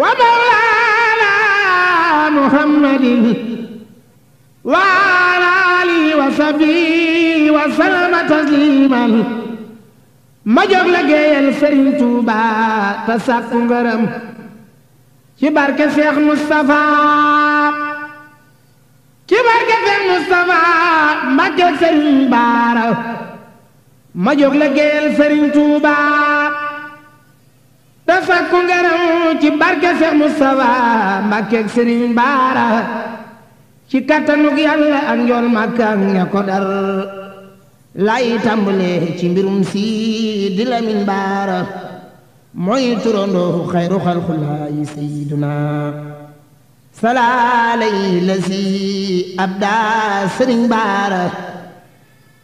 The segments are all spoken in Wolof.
ومولانا محمد وعلى آله وصحبه وسلم تسليما ma jóg liggéeyal Serigne Touba te sàkku ngërëm ci barke Cheikh Moustapha ci barke Cheikh Moustapha Mbacke Serigne Bara ma jóg liggéeyal Serigne Touba te sàkku ngërëm ci barke Seex Mustafa Mbàkke ak Baara ci kattanug yàlla ak njool Màkka ak ko dar lay tàmbale ci mbirum si di Lamin Baara mooy turandoo xayru xalxulaayi sayyiduna salaalay la si abda Sëriñ Baara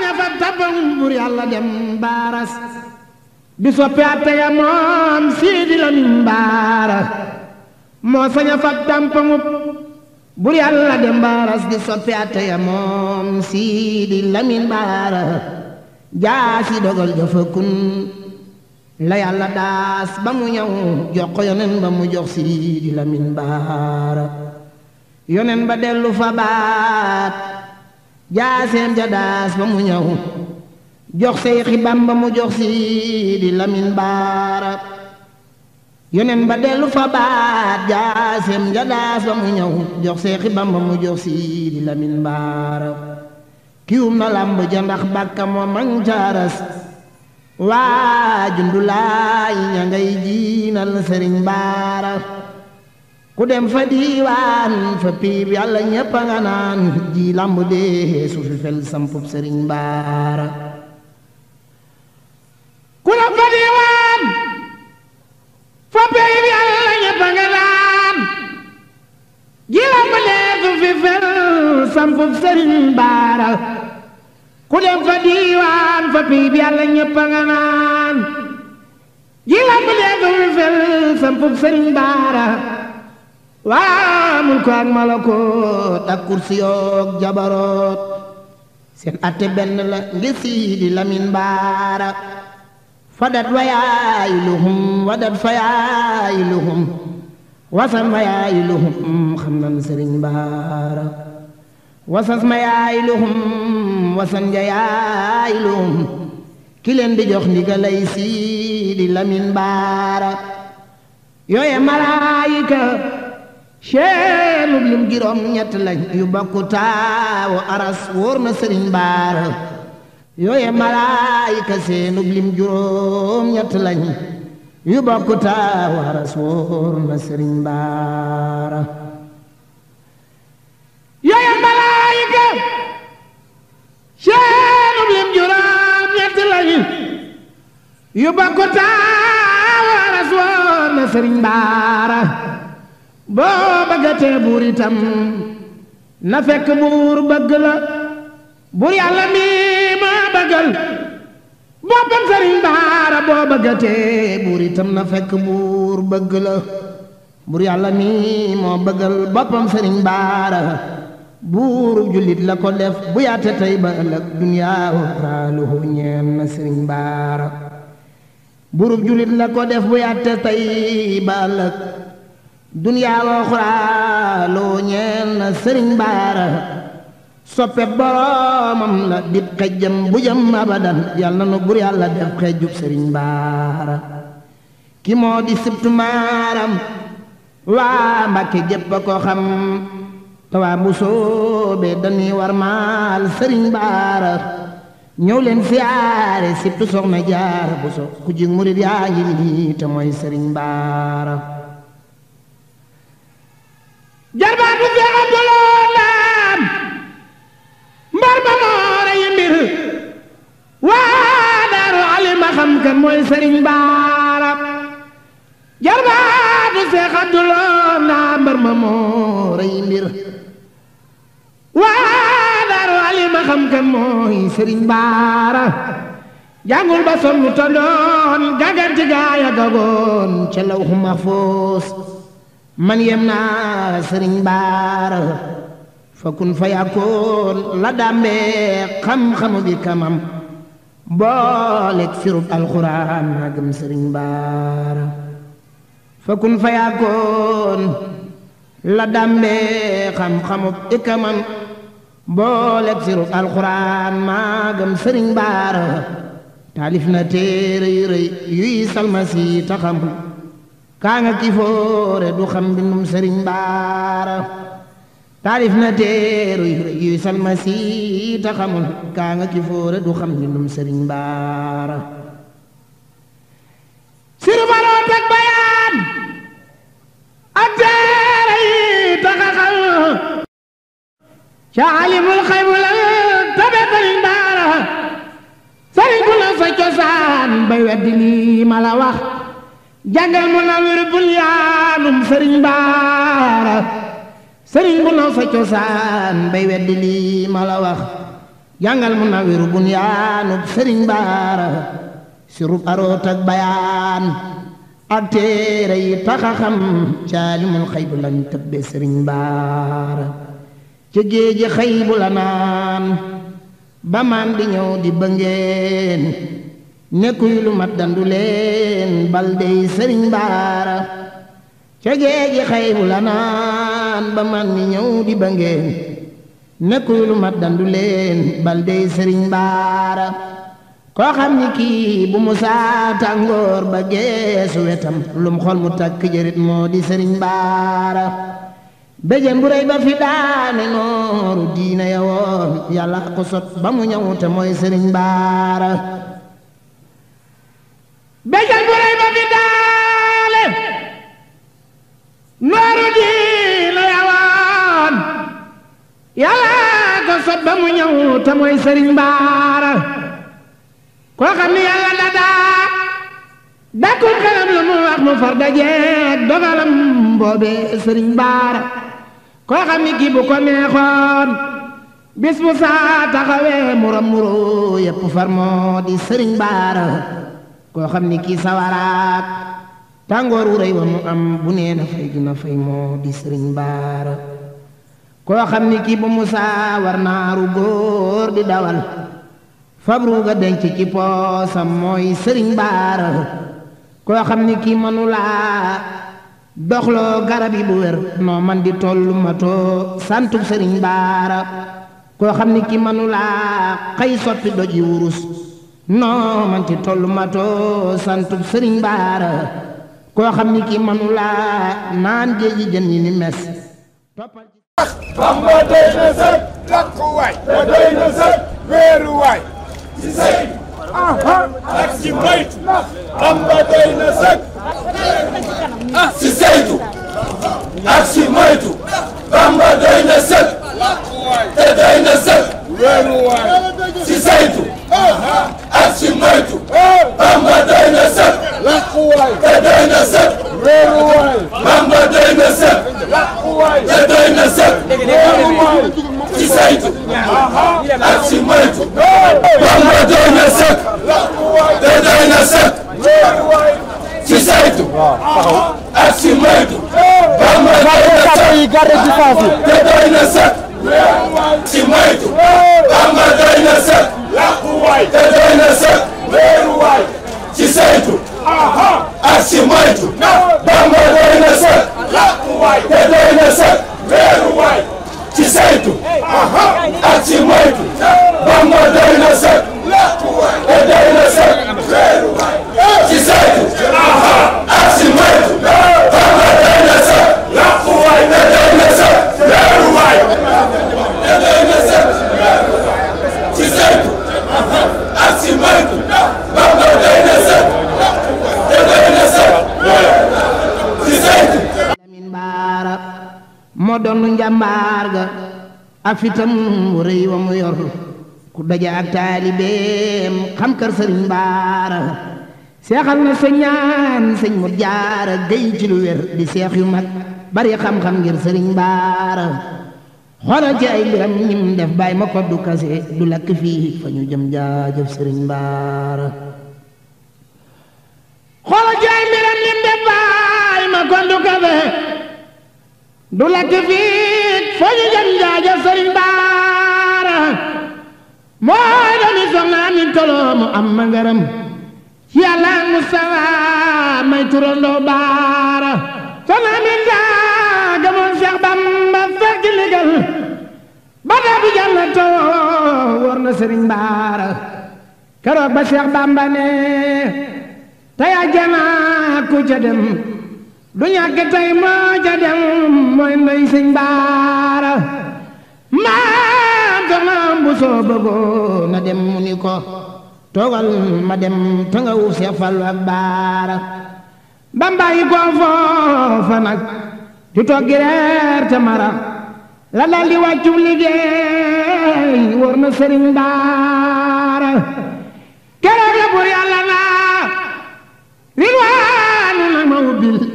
ña fa tabam bur yàlla dem baaras di soppi atte ya moom Siidi Lamin Baara moo sañ fab tampamub bur yàlla dem baaras di soppi atte ya moom Siidi Lamin Baara jaasi dogal jëfëkkun la yàlla daas ba mu ñëw jox ko yonen ba mu jox Siidi Lamin Baara yonen ba dellu fa baat jaaseem ja daas ba mu ñëw jox say xibam ba mu jox si di lamin baara yonen ba dellu fa baat jaaseem ja daas ba mu ñëw jox say xibam ba mu jox si di lamin baara kiwum na làmb ja ndax bàkka moom waa jundulaay ña ngay jiinal sëriñ baara ku dem fa diiwaan fa piib yàlla ñépp a nga naan ji làmb dee su fi fel sampub sëriñ baara waa mulku ak malakoot ak kursiyoog jabaroot seen atte benn la ngi siidi lamin baara fadat wayaayiluhum wadat fayaayiluhum wasan wayaayiluhum xam nan sëriñ baara wasas mayaayiluhum wasan jayaayiluhum ki leen di jox ndigalay siidi lamin baara yooye malaayika seenub lim juróom ñett lañ yu bokku taawu aras na sëriñ baara yu bokku taawu aras wóor na sëriñ baara yooye malaayika baara boo bëggatee buur itam na fekk buur bëgg buur yàlla mi ma bëggal boppam sëriñ baara boo bëggatee buur itam na fekk buur bëgg buur yàlla mi moo bëggal boppam sëriñ baara buur jullit la ko def bu yaate tey ba ëllëg duniyaa xaaluhu ñeen na sëriñ baara buurub jullit la ko def bu yaate tey ba ëllëg dunyaa loo xuraa ñeel na sëriñ baara soppe boroomam la dib xejjam bu jëm abadan yal na nu bur yàlla def xejjub sëriñ baara ki di sibtu maaram waa mbàkke gépp ko xam te waa bu war maal sëriñ baara ñëw leen siyaare sibtu soxna jaar bu so murit yaa ngi nii sëriñ baara sëriñ baara jàngul ba sonn lu tondoon gàgganti gaaya gagoon ca lawxu mahfuus man yem naa sëriñ baara fa kun fa yàkkoon la dàmbee xam-xamu bi kamam booleeg sirub alxuraan naa gëm sëriñ baara fa kun fa yàkkoon la dàmbee xam-xamu bi kamam boole ak sirub alxuraan maa gëm sëriñ baara taalif na téere yu rëy salmasi taxamul kaa nga ki foore du xam bindum sëriñ baara taalif na téere yu rëy salmasi taxamul kaa nga ki foore du xam bindum sëriñ baara ca alimul xaybu la tabe sëriñ daara sëriñ ku la sa cosaan bay weddi lii ma la wax jàngal mu na wér bul yaanum sëriñ daara sëriñ ku la sa cosaan bay weddi lii ma la wax jàngal mu na wér bul yaanum sëriñ daara si rub aroot bayaan ak téere yi taxa xam ca alimul xaybu lañ sëriñ daara ca géeje xëy bu la naan ba maam di ñëw di bëngeen nekkuy lu mat dandu leen bal dey sëriñ baara ca géeje la naan ba maam di ñëw di bëngeen nekkuy lu mat leen bal dey sëriñ baara koo xam ni kii bu mu saa tàngoor ba geesu wetam lum xol mu takk jërit moo di sëriñ baara béjjén bu rëy ba fi daane nooru diina ya woon ko sot ba mu ñëw te mooy sëriñ baara béjjén bu ba fi daane nooru diina ya woon ko sot ba mu ñëw te mooy baara koo ni yàlla da daa dakku xelam mu wax mu far dajeeg dogalam boobe sëriñ baara koo xam ni kii bu ko neexoon bis bu saa taxawee muram muro yépp far moo di sëriñ baara koo xam ni kii sawaraat tàngoor wu rëy wa mu am bu nee na fay dina fay moo di sëriñ baara koo xam ni kii bu musaa war naaru góor di dawal fabru denc ci poosam mooy sëriñ baara koo xam ni kii manulaa doxloo garab yi bu wér noo man di tollu matoo santu sëriñ baara koo xam ni ki manulaa xëy soppi doj yi wurus noo man di tollu matoo santu sëriñ baara koo xam ni ki manulaa naan géeji jën yi ni mes si saytu ak si moytu Bamba doy na sëkk te doy na sëkk si saytu ak si moytu Bamba doy na sëkk te doy na sëkk Bamba doy na sëkk te doy na sëkk si saytu ak si moytu Bamba doy na sëkk te doy na sëkk si saytu si moytu. Bamba garde sape yi garde distance yi. te doy na sëkk. si moytu. Bamba doy na sëkk. làqu waay te doy na sëkk. weeru waay ci saytu. ak si moytu. Bamba doy na sëkk. làqu waay te doy na sëkk. weeru waay ci saytu. ak si moytu. fitam mu rëy wa mu yor ku daje ak taalibeem xam kër sëriñ baara seexal na soñaan sëñ mu jaara géy ci lu wér di seex yu mag bari xam-xam ngir sëriñ baara xoolal ci ay mbiram ñim def bàyyi ma ko du jëm jaajëf sëriñ du lakk fii fa ñu sëriñ baara moo doomi soxna mi toloo mu am ma ngaram yàlla mu sawa may turandoo baara soxna mi daa gëmoon Seex Bamba fekk ligal ba daa bi jàll tawoo wóor na sëriñ baara keroog ba Seex Bamba ne tey ajjana ku ca dem du ñàkk tey moo ca dem mooy ndey baara maa doxam bu soo bëggoo na dem mu ni ko toogal ma dem ta nga wuuf see falu baara ba mbàyyi koo foofa nag di toggi reer te la dal di liggéey wóor na sëriñ baara keroog la bur yàlla naa rilwaanu na ma ubbil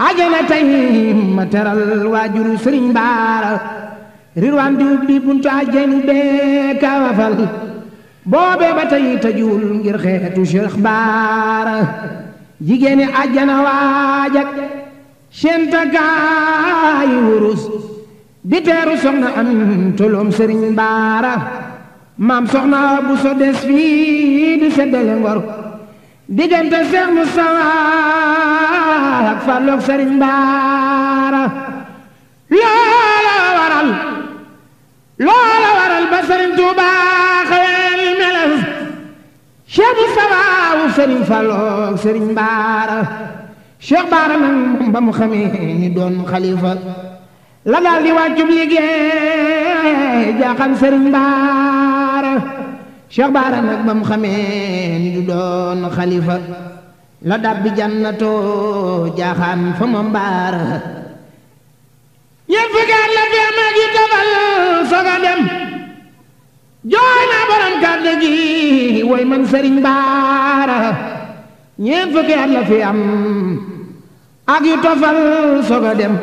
ajana tey ma teral waajuru sëriñ baara rirwaan di ubbi buntu ajani bee kawafal boobee ba tey tëjuwul ngir xeetu Cheikh baara jigéeni ajana waajak seentakaayi wurus di teeru soxna am toloom sëriñ baara maam soxna bu so des fii di seddale ngor diggante Seex Musaa falloog sëriñ loola waral loola waral ba meles Cheikh Moustapha wu sëriñ falloog sëriñ baara Cheikh Baara nag ba mu ba mu xamee doon xalifa la dab bi jannatoo jaaxaan fa ma mbaar ñeent fukki at la fi am ak yu tafal soga dem jooy naa borom kàddu gi way man sëriñ mbaar ñeent fukki at la fi am ak yu tofal soga dem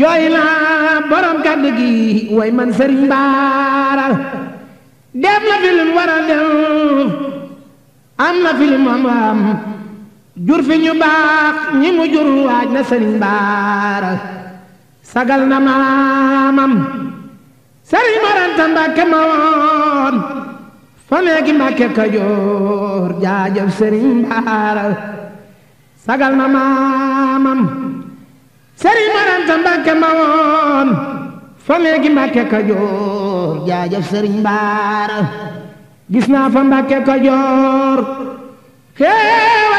jooy naa borom kàddu gi way man sëriñ mbaar dem na fi lim dem am na fi lim am jur fi ñu baax ñi mu jur waaj na sëriñ baara sagal na maamam sëriñ maranta mbàkke ma woon fa neegi mbàkke kajoor jaajëf sëriñ baara sagal na maamam sëriñ maranta mbàkke ma woon fa neegi mbàkke kajoor jaajëf sëriñ baara gis naa fa mbàkke kajoor xee